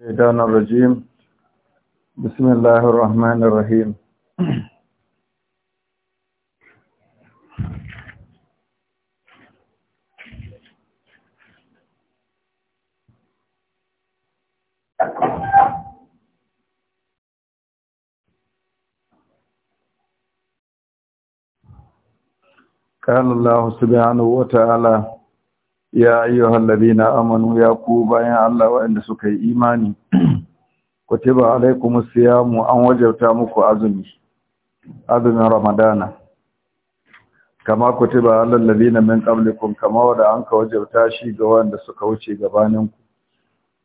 الشيطان الرجيم بسم الله الرحمن الرحيم قال الله سبحانه وتعالى ya ayyuhal ladina amanu ya ku bayan Allah waɗanda suka yi imani kutiba alaikumus siyamu an wajabta muku azumi azumin ramadana kama kutiba alal ladina min qablikum kama wanda an ka wajabta shi ga wanda suka wuce gabanin ku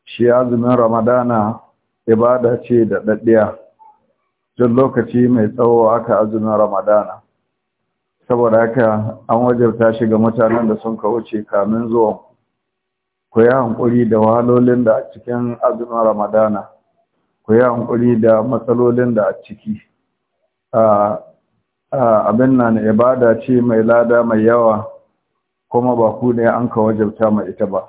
shi azumin ramadana ibada ce da daddiya duk lokaci mai tsawo aka azumin ramadana saboda haka an wajarta shi ga mutanen da sun wuce kamin zuwan ku yi hankuri da wahalolin da a cikin azumin ramadana ku yi hankuri da matsalolin da a ciki abin na na ibada ce mai lada mai yawa kuma ba ku ne an ka wajarta mai ita ba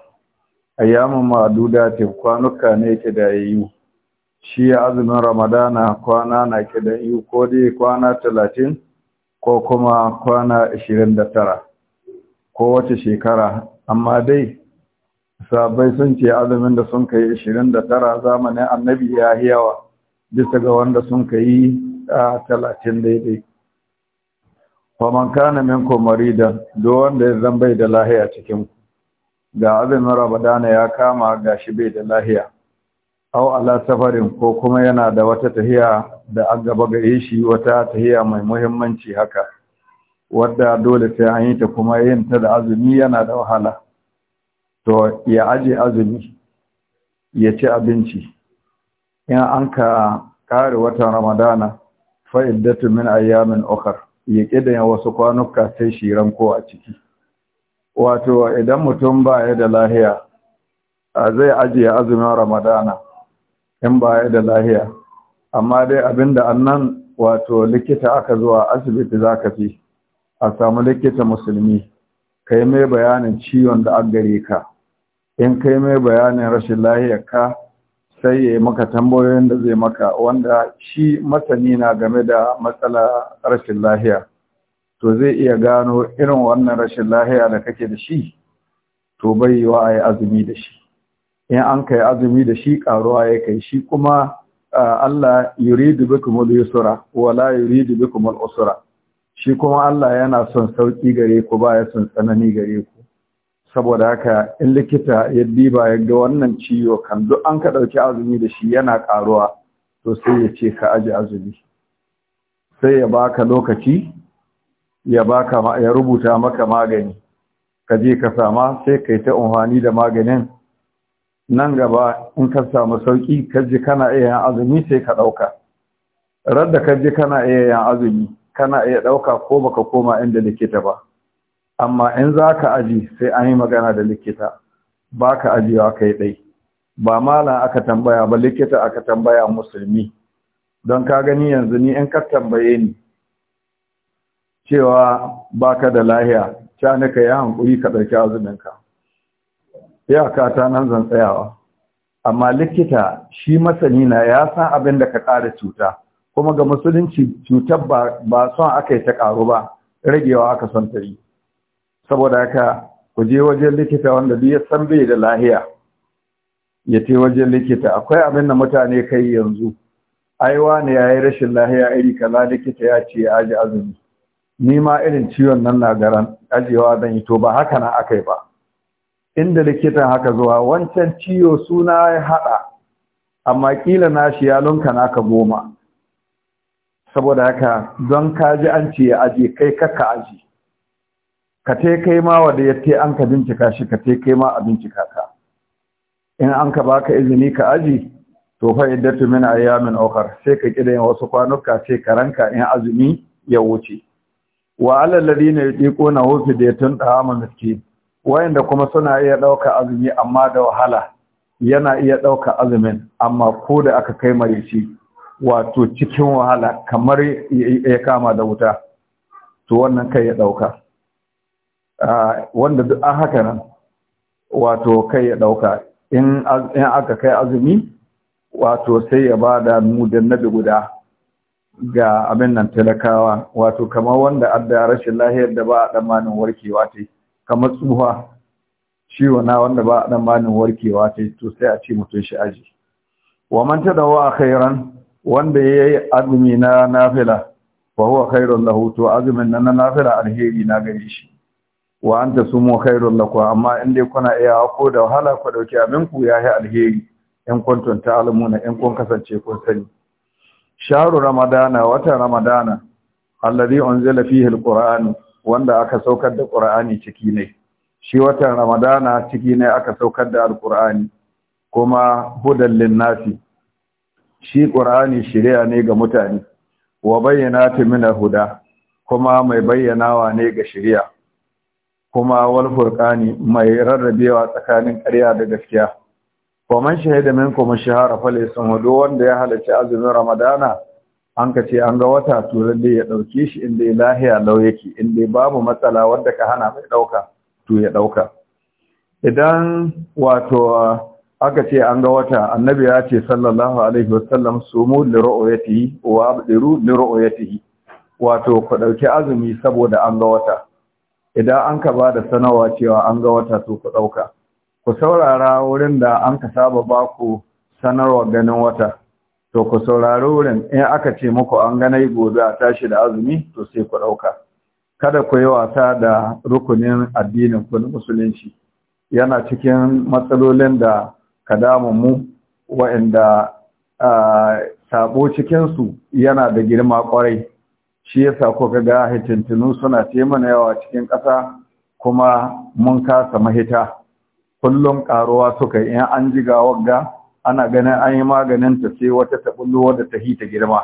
ayyamin ma'aduda ce kwanuka ne yi. shi azumin ramadana kwana na yi ko dai kwana talatin ko kuma kwana 29 ko wace shekara amma dai sabai sun ce azumin da sun kai 29 zamanin annabi ya yawa bisa ga wanda sun kai a 30 daidai faman kana minkum marida duk wanda ya zan bai da lahiya cikin ku ga azumin ramadana ya kama ga shi bai da lahiya Au ala safarin ko kuma yana da wata tahiya da a gaba gare shi wata tahiya mai muhimmanci haka wadda dole sai an yi ta kuma yin ta da azumi yana da wahala to ya aje azumi ya ci abinci in an ka kare watan ramadana fa'iddatu min ayyamin ukhar ya kidan wasu kwanuka sai shi ko a ciki wato idan mutum ba ya da lahiya zai ajiye azumin ramadana in ba ya da lahiya amma dai abinda annan wato likita aka zuwa asibiti za ka fi a samu likita musulmi kai mai bayanin ciwon da an gari ka in kai mai bayanin rashin lahiyar ka sai ya yi maka tambayoyin da zai maka wanda shi masani na game da matsala rashin lahiya to zai iya gano irin wannan rashin lahiya da kake da shi to bai yi wa a yi azumi da shi in an kai azumi da shi ƙaruwa ya kai shi kuma Allah yuridu bikum al-yusra wa la yuridu bikum al-usra shi kuma Allah yana son sauki gare ku ba ya son tsanani gare ku saboda haka in likita ya diba ya ga wannan ciwo kan duk an ka ɗauki azumi da shi yana ƙaruwa to sai ya ce ka aji azumi sai ya baka lokaci ya baka ya rubuta maka magani ka je ka sama sai kai ta umarni da maganin nan gaba in ka samu sauki kaji kana iya yan azumi sai ka ɗauka radda kaji kana iya yan azumi kana iya ɗauka ko baka koma inda likita ba amma in za ka aji sai an yi magana da likita ba ka ajiyewa kai ɗai ba malam aka tambaya ba likita aka tambaya musulmi don ka gani yanzu ni in ka tambaye ni cewa baka da lahiya ca ka yi hankuri ka ɗauki azuminka iyaka ta nan zan tsayawa amma likita shi masani na ya san abin da ka ƙara cuta kuma ga musulunci cutar ba son aka yi ta ƙaru ba ragewa aka son ta yi saboda haka ku je wajen likita wanda duk ya san bai da lahiya ya ce wajen likita akwai abin da mutane kai yanzu aiwa ne yayi rashin lahiya iri kaza likita ya ce aji azumi ni ma irin ciwon nan na garan ajewa zan yi to ba haka na aka ba inda likitan haka zuwa wancan ciwo suna ya haɗa amma kila nashi ya lunka naka goma saboda haka don kaji an ce ya aji kai kakka aji ka te kai ma wadda ya te an ka bincika shi ka te kai ma a bincika ka in an ka baka izini ka aji to fa iddatu min ayamin ukhar sai ka kida yin wasu kwanuka sai ka ranka in azumi ya wuce ya wa alal ladina yutiquna hu fidyatun ma miskin wayanda kuma suna iya ɗauka azumi amma da wahala yana iya ɗauka azumin amma ko da aka kai marici wato cikin wahala kamar ya kama da wuta to wannan kai ya ɗauka wanda duk an haka nan wato kai ya ɗauka in aka kai azumi wato sai ya ba da mudan nabi guda ga abin nan talakawa wato kamar wanda adda rashin lahiyar da ba a ɗamanin warkewa ta kamar tsuha ciwo na wanda ba dan banin warkewa ta to sai a ce mutum shi aji wa man a khairan wanda yayi azumi na nafila fa huwa khairun lahu to azumin nan na nafila alheri na gare shi wa anta sumu khairun lakum amma in dai kuna iya ko da wahala ku dauki abin ku yi alheri in kuntum almuna in kun kasance kun sani sharu ramadana wata ramadana alladhi unzila fihi alqur'anu wanda aka saukar da ƙura'ani ciki ne shi watan ramadana ciki ne aka saukar da alƙur'ani kuma hudan linnasi shi ƙura'ani shirya ne ga mutane wa bayyana ta mina huda kuma mai bayyanawa ne ga shirya kuma walfurkani mai rarrabewa tsakanin ƙarya da gaskiya wa man shahida minkum shahara hudu wanda ya halarci azumin ramadana an ka ce an ga wata tura dai ya ɗauke shi inda ya lahiya lau inda babu matsala wadda ka hana mai ɗauka to ya ɗauka idan wato aka ce an ga wata annabi ya ce sallallahu alaihi wasallam sumu ya tihi wa abdiru ya tihi wato ku ɗauki azumi saboda an ga wata idan an ka ba da sanawa cewa an ga wata to ku ɗauka ku saurara wurin da an ka saba ba ku sanarwa ganin wata to ku saurari wurin in aka ce muku an ganai gobe a tashi da azumi to sai ku ɗauka kada ku yi wasa da rukunin addinin ku na musulunci yana cikin matsalolin da ka damu mu wa'anda sabo cikinsu yana da girma kwarai shi yasa kuka ga hitintinu suna ce mana yawa cikin ƙasa kuma mun kasa mahita kullum ƙaruwa suka in an jiga wagga ana ganin an yi maganin ta sai wata taɓullo da ta hita girma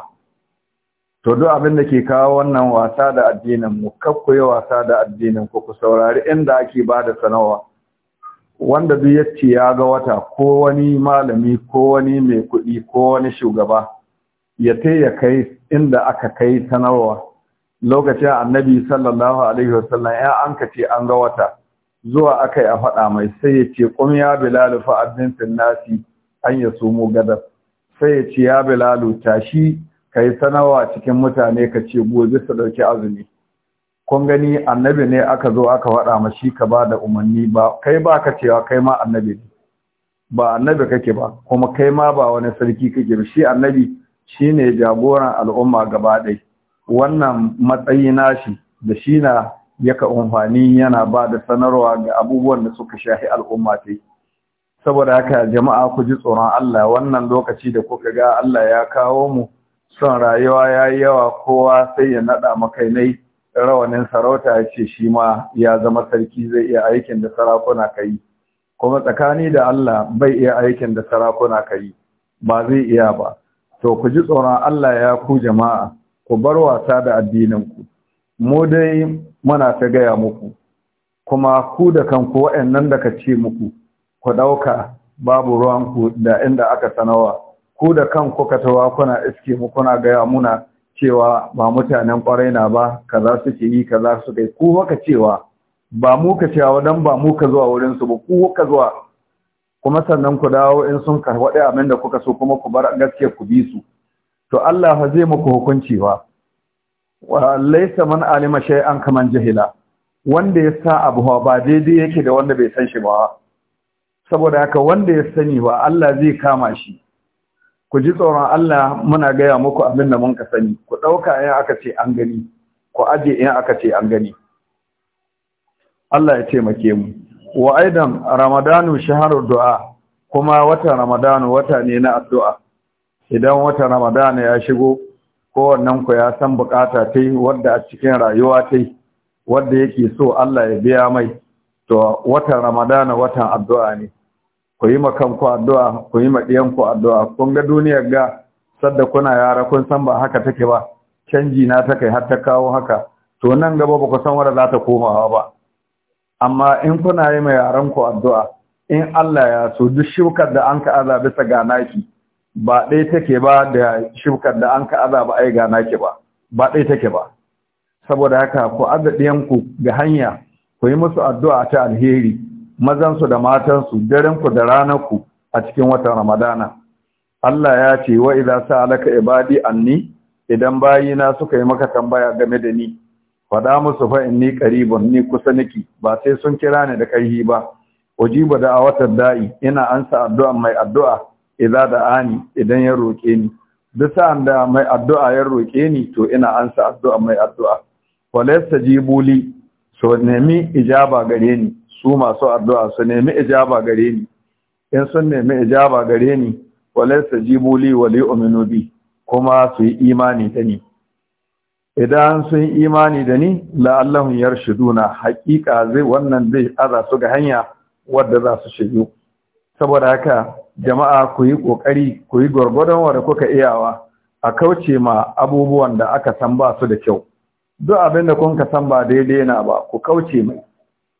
to duk abin da ke kawo wannan wasa da addinin mu kakku yi wasa da addinin ku ku saurari inda ake ba da sanawa wanda duk yace ya ga wata ko wani malami ko wani mai kuɗi ko wani shugaba ya ya kai inda aka kai sanarwa lokacin annabi sallallahu alaihi wasallam ya an ka ce an ga wata zuwa akai a faɗa mai sai ya ce ƙumya ya bilal fa nasi an ya sumo gadar sai ya ce ya bilalu tashi ka yi sanawa cikin mutane ka ce gobe su ɗauki azumi kun gani annabi ne aka zo aka faɗa ma shi ka ba da umarni ba kai ba ka cewa kai ma annabi ne ba annabi kake ba kuma kai ma ba wani sarki kake ba shi annabi shine jagoran al'umma gaba ɗaya wannan matsayi nashi da shi na yaka umfani yana ba da sanarwa ga abubuwan da suka shahi al'umma ta yi saboda haka jama'a ku ji tsoron Allah wannan lokaci da kuka ga Allah ya kawo mu son rayuwa ya yi yawa kowa sai ya naɗa makainai rawanin sarauta ya ce shi ma ya zama sarki zai iya aikin da sarakuna ka yi kuma tsakani da Allah bai iya aikin da sarakuna ka yi ba zai iya ba to ku ji tsoron Allah ya ku jama'a ku bar wasa da addininku mu dai muna ta gaya muku kuma ku da kanku waɗannan da ka ce muku ku ɗauka babu ruwanku da inda aka sanawa ku da kan ka tawa kuna iske mu kuna gaya muna cewa ba mutanen kwarai na ba kaza suke yi kaza suke yi ku maka cewa ba mu ka cewa dan ba mu ka zuwa wurin su ba ku ka zuwa kuma sannan ku dawo in sun karwaɗe abin da kuka so kuma ku bar gaskiya ku bi su to Allah fa zai muku hukunci wa. wa laysa man alima shay'an kaman jahila wanda ya sa abu ba daidai yake da wanda bai san shi ba saboda haka wanda ya sani ba Allah zai kama shi ku ji tsoron Allah muna gaya muku abin da mun ka sani ku ɗauka in aka ce an gani ku aje in aka ce an gani Allah ya taimake mu wa aidan ramadanu shaharu du'a kuma wata ramadanu wata ne na addu'a idan wata ramadanu ya shigo kowannen ku ya san bukata ta yi wadda a cikin rayuwa ta yi wadda yake so Allah ya biya mai to watan ramadana watan addu'a ne ku yi makanku addu'a ku yi maɗiyanku addu'a kun ga duniyar ga sadda kuna yara kun san ba haka take ba canji na ta kai har ta kawo haka to nan gaba ba ku san wadda za ta komawa ba amma in kuna yi ma yaranku addu'a in Allah ya so duk shukar da an ka'aza bisa ga naki ba ɗaya take ba da shukar da an ka'aza ba ai ga naki ba ba ɗaya take ba saboda haka ku aza ɗiyanku ga hanya ku yi musu addu'a ta alheri mazansu da matansu darenku da ranarku a cikin watan ramadana Allah ya ce wa idza sa'alaka ibadi anni idan bayina suka yi maka tambaya game da ni faɗa musu fa inni qaribun ni kusa niki ba sai sun kira ni da kaihi ba ujiba da awatar da'i ina ansa addu'a mai addu'a idza da'ani idan ya roke ni duk sa'an da mai addu'a ya roke ni to ina ansa addu'a mai addu'a walaysa jibuli so nemi ijaba gare ni su masu addu'a su nemi ijaba gare ni in sun nemi ijaba gare ni walai ji buli wa yu'minu bi kuma su yi imani da ni idan sun yi imani da ni la'allahum yarshuduna haqiqa zai wannan zai aza su ga hanya wadda za su shigo saboda haka jama'a ku yi kokari ku yi gwargwadon wadda kuka iyawa a kauce ma abubuwan da aka san ba su da kyau duk abin da kun ka san ba daidai na ba ku kauce mai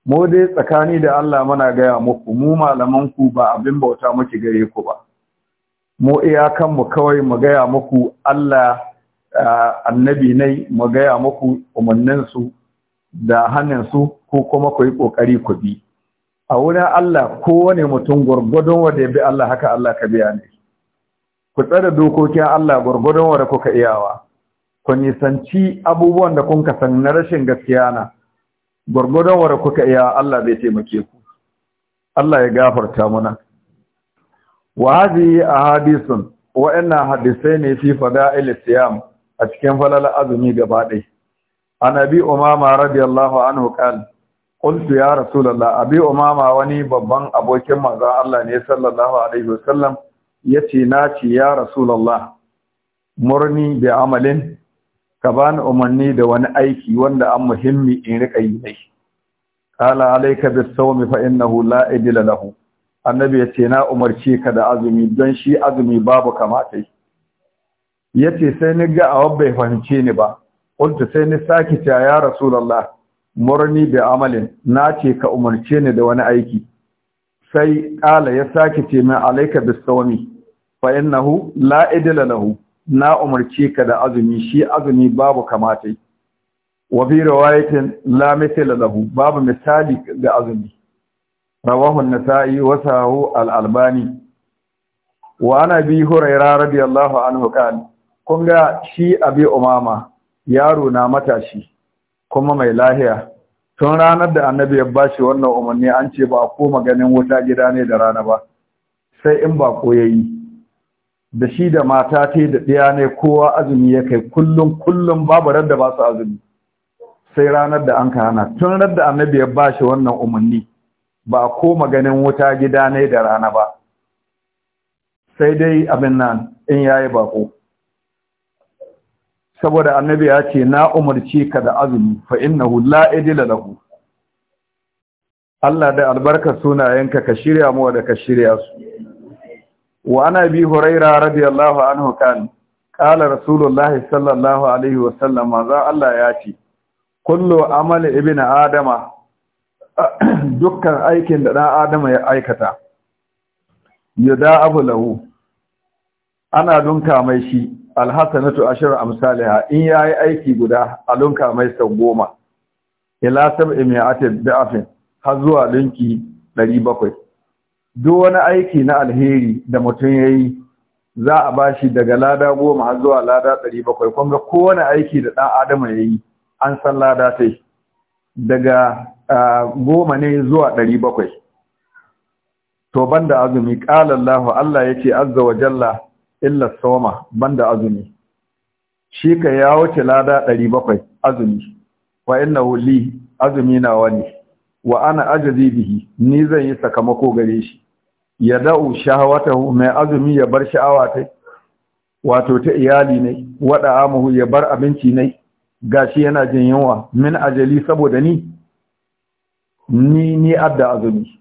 mu dai tsakani da Allah muna gaya muku mu malaman ku ba abin bauta muke gare ku ba mu iyakan mu kawai mu gaya muku Allah annabi nai mu gaya muku umarninsu da hannun su ko kuma ku yi kokari ku bi a wurin Allah kowane mutum gurgudun wanda ya bi Allah haka Allah ka biya ne ku tsare dokokin Allah gurgudun wanda kuka iyawa ku nisanci abubuwan da kun san na rashin gaskiya na gwargwadon wanda kuka iya Allah zai taimake ku Allah ya gafarta mana wa a ahadithun wa inna hadisai ne fi fada'il siyam a cikin falal azumi gaba dai annabi umama radiyallahu anhu qala qultu ya rasulullah abi umama wani babban abokin maza Allah ne sallallahu alaihi wasallam yace na ci ya rasulullah murni bi amalin ka bani umarni da wani aiki wanda an muhimmi in riƙa yi mai Ƙala alaika bis saumi fa innahu la idila lahu annabi yace na umarci ka da azumi don shi azumi babu kamata ce sai ni ga awa bai fahimce ni ba ƙulta sai ni sake ta ya rasulullah murni bi amalin na ce ka umarce ni da wani aiki sai ƙala ya sake ce min alayka bis saumi fa innahu la lahu na umarci ka da azumi shi azumi babu kamata wa bi riwayatin la mithla lahu babu misali ga azumi rawahu an-nasa'i wa sahu al-albani wa ana bi hurayra radiyallahu anhu kan kun ga shi abi umama yaro na matashi kuma mai lahiya tun ranar da annabi ya bashi wannan umarni an ce ba a koma ganin wuta gida ne da rana ba sai in ba ko yayi da shi da mata ta da ɗaya ne kowa azumi ya kai kullum kullum babu radda ba su azumi sai ranar da an hana tun radda annabi ya shi wannan umarni ba a koma ganin wuta gida ne da rana ba sai dai abin nan in ya yi bako saboda annabi ya ce na umarci ka da azumi fa innahu la idila lahu Allah da albarkar sunayenka ka shirya mu da ka shirya su وعن أبي هريرة رضي الله عنه كان قال رسول الله صلى الله عليه وسلم ماذا الله ياتي dukkan aikin da ɗan adama ya aikata yada abu lahu ana dunka mai shi alhassanatu ashir amsaliha in ya yi aiki guda a dunka mai sau goma ila sab'i mi'atin da'afin har zuwa dunki 700 duk wani aiki na alheri da mutum ya yi za a ba shi daga lada goma har zuwa lada ɗari bakwai kwanga kowane aiki da ɗan adama ya yi an san lada ta daga goma ne zuwa ɗari bakwai to banda azumi ƙalallahu Allah ya ce azza wa jalla illa soma banda azumi shi ka ya wuce lada ɗari bakwai azumi wa inna wuli azumi na wani wa ana ajazi bihi ni zan yi sakamako gare shi ya da'u shahawatahu mai azumi ya bar sha'awa ta wato ta iyali ne wada amuhu ya bar abinci ne gashi yana jin yunwa min ajali saboda ni ni ni adda azumi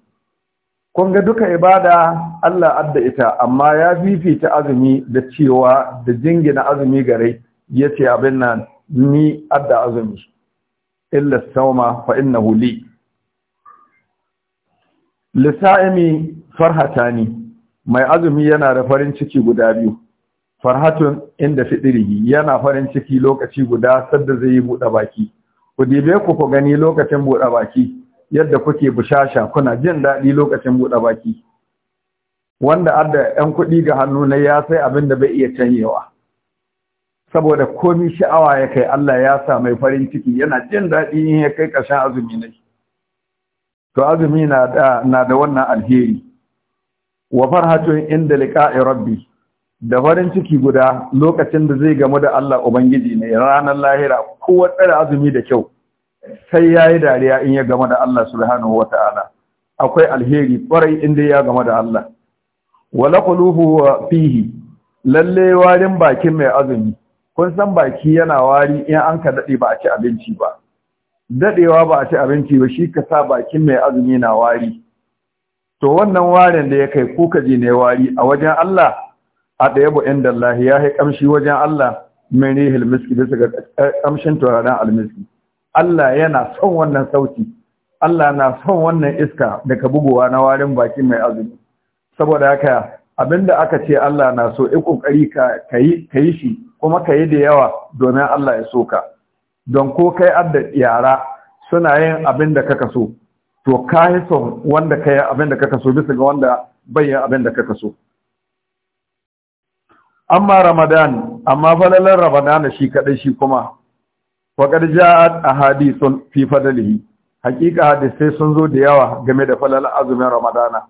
kun ga duka ibada Allah adda ita amma ya fifita azumi da cewa da jingina azumi gare yace abin nan ni adda azumi illa sauma fa innahu li lisa'imi farhata ne mai azumi yana da farin ciki guda biyu farhatun inda fidirihi yana farin ciki lokaci guda sadda zai yi buɗe baki ku dibe ku ku gani lokacin buɗe baki yadda kuke bushasha kuna jin daɗi lokacin buɗe baki wanda adda yan kuɗi ga hannu na ya sai abin da bai iya canyewa saboda komi sha'awa ya kai Allah ya sa mai farin ciki yana jin daɗi in ya kai ƙarshen azumi ne to azumi na da wannan alheri wa farhatun inda liqa'i rabbi da farin ciki guda lokacin da zai gamu da Allah ubangiji ne ranar lahira ko azumi da kyau sai yayi dariya in ya gamu da Allah subhanahu wata'ala akwai alheri kwarai inda ya gamu da Allah wala quluhu fihi lalle warin bakin mai azumi kun san baki yana wari in an ka dade ba a ci abinci ba dadewa ba a ci abinci ba shi ka sa bakin mai azumi na wari to wannan warin da ya kai kuka ji ne wari a wajen Allah a ɗaya bu inda Allah ya kai kamshi wajen Allah min rihil miski bisa ga kamshin turaren almiski Allah yana son wannan sauti Allah na son wannan iska daga bugowa na warin baki mai azumi saboda haka abinda aka ce Allah na so i kokari ka yi shi kuma ka da yawa domin Allah ya so ka don ko kai adda yara suna yin abinda kaka so to ka yi son wanda ka yi abin da kaka so bisa ga wanda bayan yi abin da kaka so amma ramadan amma falalar ramadan shi kadai shi kuma a ja'at sun fi fadlihi Haƙiƙa hadisai sun zo da yawa game da falalar azumin ramadana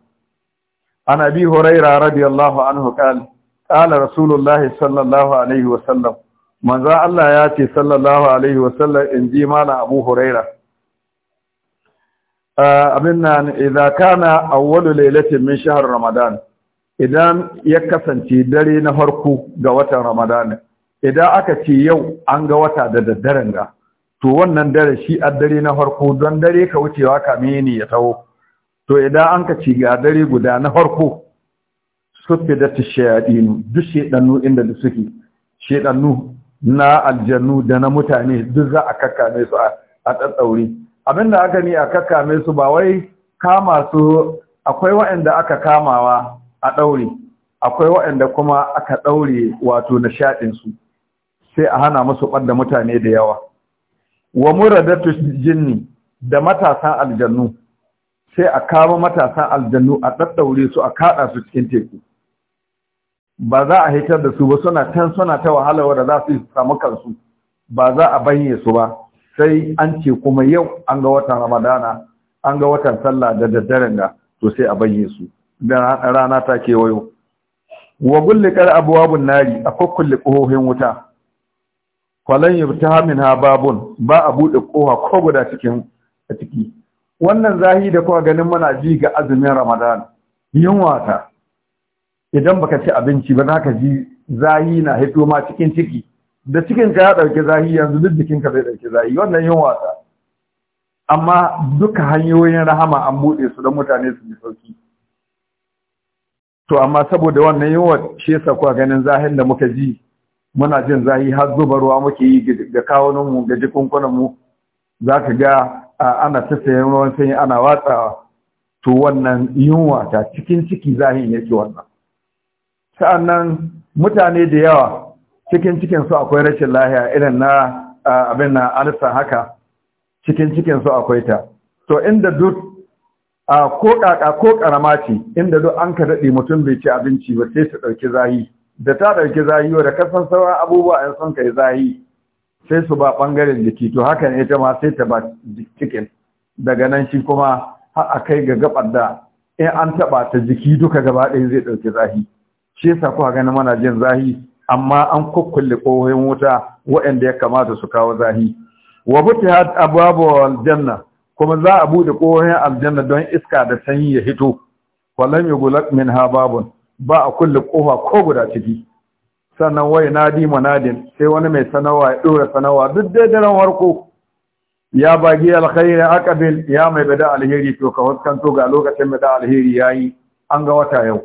an abi huraira radiyallahu anhu qala ƙala rasulullah sallallahu alaihi wasallam manzan Allah ya ce sallallahu alaihi wasallam in ji mana abu huraira abin nan idza kana awwalu lailatin min shahr ramadan idan ya kasance dare na farko ga watan ramadan idan aka ce yau an ga wata da daddaren ga to wannan dare shi a dare na farko don dare ka wucewa kamin ya taho to idan an ka ci ga dare guda na farko sufi da tashayadinu duk shedannu inda da suke shedannu na aljannu da na mutane duk za a kakkame su a tsatsauri abinda aka ni a kakame su ba wai kama su akwai waɗanda aka kamawa a ɗaure akwai waanda kuma aka ɗaure wato nishaɗinsu sai a hana musu ɓadda mutane da yawa wa muradatu jinni da matasan aljannu sai a kama matasan aljannu a ɗaɗɗaure su a kaɗa su cikin teku ba za a hitar da su ba suna can suna ta wahala wadda za su samu kansu ba za a banye su ba sai an ce kuma yau an ga watan ramadana an ga watan sallah da daddaren da to sai a bayye su dan rana ta kewayo wa gullikar abwabun nari a kokkulle kohohin wuta falan yubtaha ha babun ba a bude kowa ko guda cikin a ciki wannan zahi da kuka ganin muna ji ga azumin Ramadana. Yin wata. idan baka ci abinci ba zaka ji zahi na hito ma cikin ciki da cikinka ya ɗauki zahi yanzu duk jikinka zai ɗauki zahi wannan yin wasa amma duka hanyoyin rahama an buɗe su don mutane su ji sauki to amma saboda wannan yin wa shi yasa kuwa ganin zahin da muka ji muna jin zahi har zuba ruwa muke yi ga kawunan mu ga jikunkunan mu zaka ga ana ta sayan ruwan sanyi ana watsawa to wannan yunwa ta cikin ciki zahin yake wannan sa'annan mutane da yawa cikin cikin su akwai rashin lahiya irin na abin na alsa haka cikin cikin su akwai ta to inda duk a ko kaka ko karama ce inda duk an ka dade mutum bai ci abinci ba sai ta ɗauki zahi da ta dauki zahi wa da kasan sauran abubuwa 'yan son kai zahi sai su ba bangaren jiki to hakan ita ma sai ta ba cikin daga nan shi kuma har a kai ga gabar da in an taba ta jiki duka gaba ɗaya zai ɗauki zahi shi yasa ga ganin mana jin zahi amma an kukkulle ƙohoyin wuta waɗanda ya kamata su kawo zahi wa a abwabu aljanna kuma za a bude ƙohoyin aljanna don iska da sanyi ya hito walam min ha babun ba a kulle ƙoha ko guda ciki sannan wai nadi manadin sai wani mai sanawa ya ɗora sanawa duk dai daren warko ya bagi alkhairi akabil ya mai bada alheri to ka huskanto ga lokacin bada alheri yayi an ga wata yau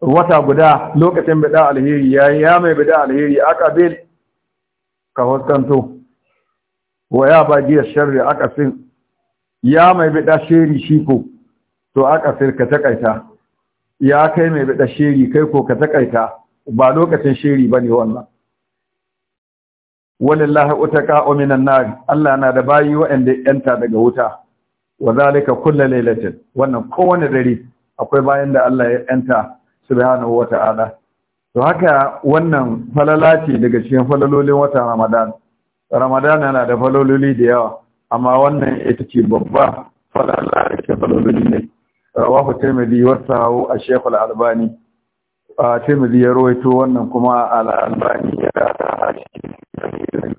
wata guda lokacin bida alheri ya yi ya mai bida alheri aka bil ka huskanto wa ya ba jiya sharri aka sin ya mai bida sheri shi ko to aka sir ka takaita ya kai mai bida sheri kai ko ka takaita ba lokacin ba ne wannan walillahi utaka minan nar Allah na da bayi wa'anda yanta daga wuta wa zalika kullu lailatin wannan kowane dare akwai bayan da Allah ya yanta subhanahu wa ta'ala to haka wannan falala ce daga cikin falalolin watan ramadan ramadan yana da falololi da yawa amma wannan ita ce babba falala da ke falololi ne rawahu tirmidhi wa sahu ash a al-albani a tirmidhi ya rawaito wannan kuma al-albani ya da a cikin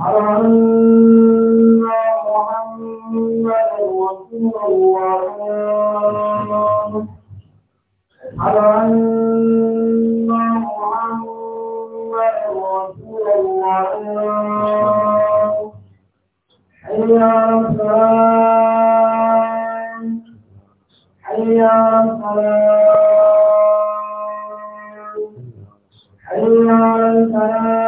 على أن محمد رسول الله على أن محمد رسول الله حي على الصلاة حي على الصلاة حي على الفلاح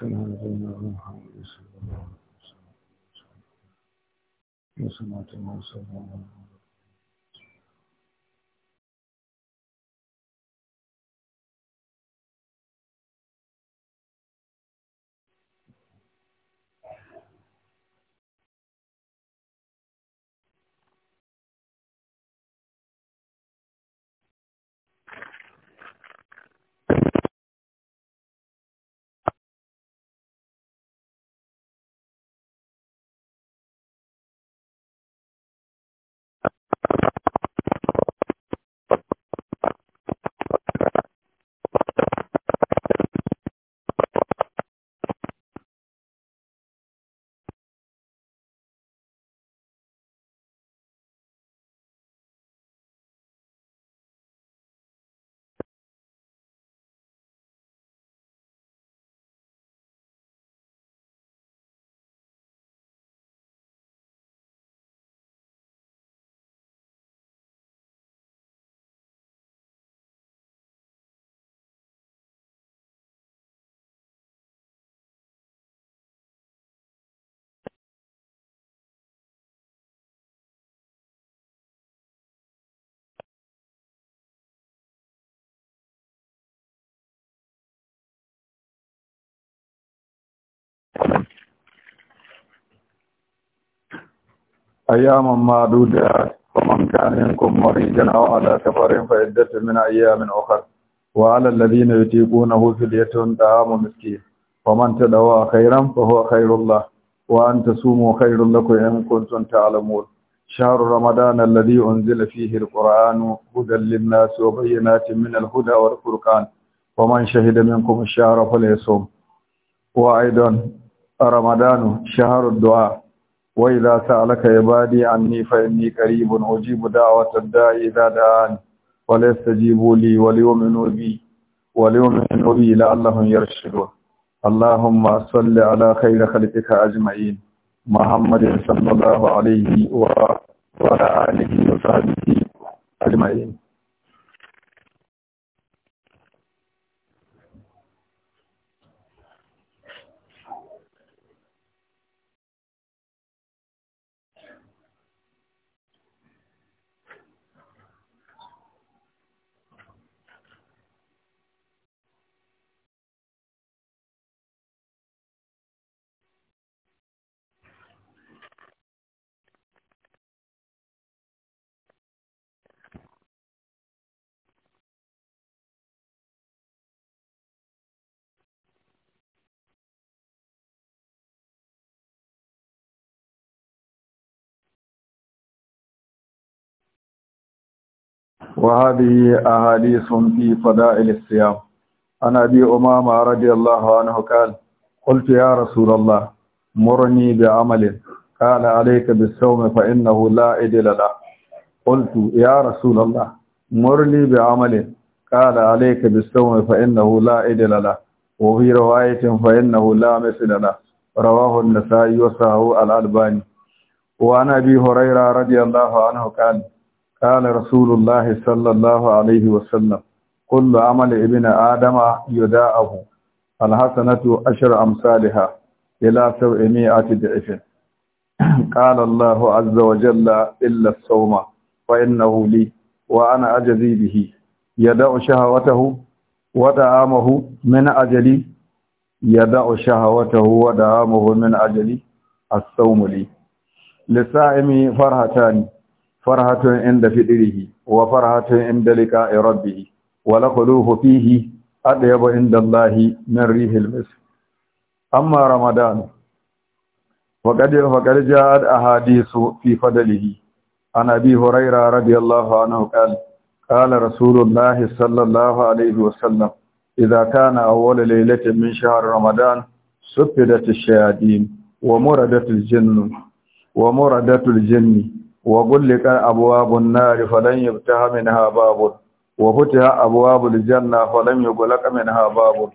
صلى الله عليه وسلم وسلم وسلم وسلم أياما معدودة ومن كان منكم مريضا أو على سفر فعدة من أيام أخر وعلى الذين يتيقونه فدية طعام مسكين ومن تدوى خيرا فهو خير الله وأن تصوموا خير لكم إن كنتم تعلمون شهر رمضان الذي أنزل فيه القرآن هدى للناس وبينات من الهدى والفرقان ومن شهد منكم الشهر فليصوم وأيضا رمضان شهر الدعاء وإذا سألك عبادي عني فإني قريب أجيب دعوة الداعي إذا دعاني وليستجيبوا لي وليؤمنوا بي وليؤمنوا بي لعلهم يرشدون اللهم صل على خير خلقك أجمعين محمد صلى الله عليه وعلى آله وصحبه أجمعين وهذه أحاديث في فضائل الصيام أنا أبي أمامة رضي الله عنه قال قلت يا رسول الله مرني بعمل قال عليك بالصوم فإنه لا إدل له قلت يا رسول الله مرني بعمل قال عليك بالصوم فإنه لا إدل له وفي رواية فإنه لا مثل له رواه النسائي وصحه الألباني وعن أبي هريرة رضي الله عنه قال قال رسول الله صلى الله عليه وسلم كل عمل ابن آدم يداءه الحسنة عشر أمثالها إلى سبعمائة ضعف قال الله عز وجل إلا الصوم فإنه لي وأنا أجزي به يدع شهوته ودعامه من أجلي يدع شهوته ودعامه من أجلي الصوم لي للصائم فرحتان farhatun inda fidirihi wa farhatun inda liqa'i rabbih wa laquluhu fihi adyabu inda Allahi min rihil misk amma ramadan wa qad wa qad ja'at ahadithu fi fadlihi an abi hurairah radiyallahu anhu qala qala rasulullah sallallahu alayhi wa sallam idha kana awwal laylatin min shahr ramadan sufidat ash-shayatin wa muradat al-jinn wa muradat al-jinn وغلق أبواب النار فلن يفتح منها باب وفتح أبواب الجنة فلم يغلق منها باب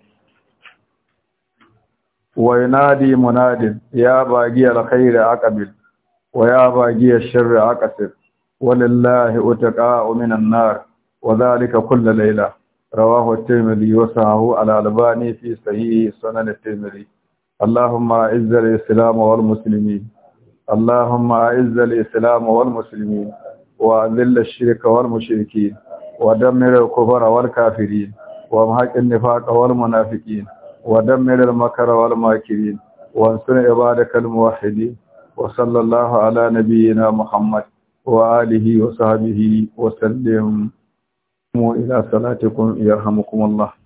وينادي مناد يا باقي الخير أقبل ويا باقي الشر أقصر ولله أتقاء من النار وذلك كل ليلة رواه الترمذي وصححه على الألباني في صحيح سنن الترمذي اللهم أعز الإسلام والمسلمين اللهم اعز الاسلام والمسلمين واذل الشرك والمشركين ودمر الكفر والكافرين وامحق النفاق والمنافقين ودمر المكر والماكرين وانصر عبادك الموحدين وصلى الله على نبينا محمد وآله وصحبه وسلم إلى صلاتكم يرحمكم الله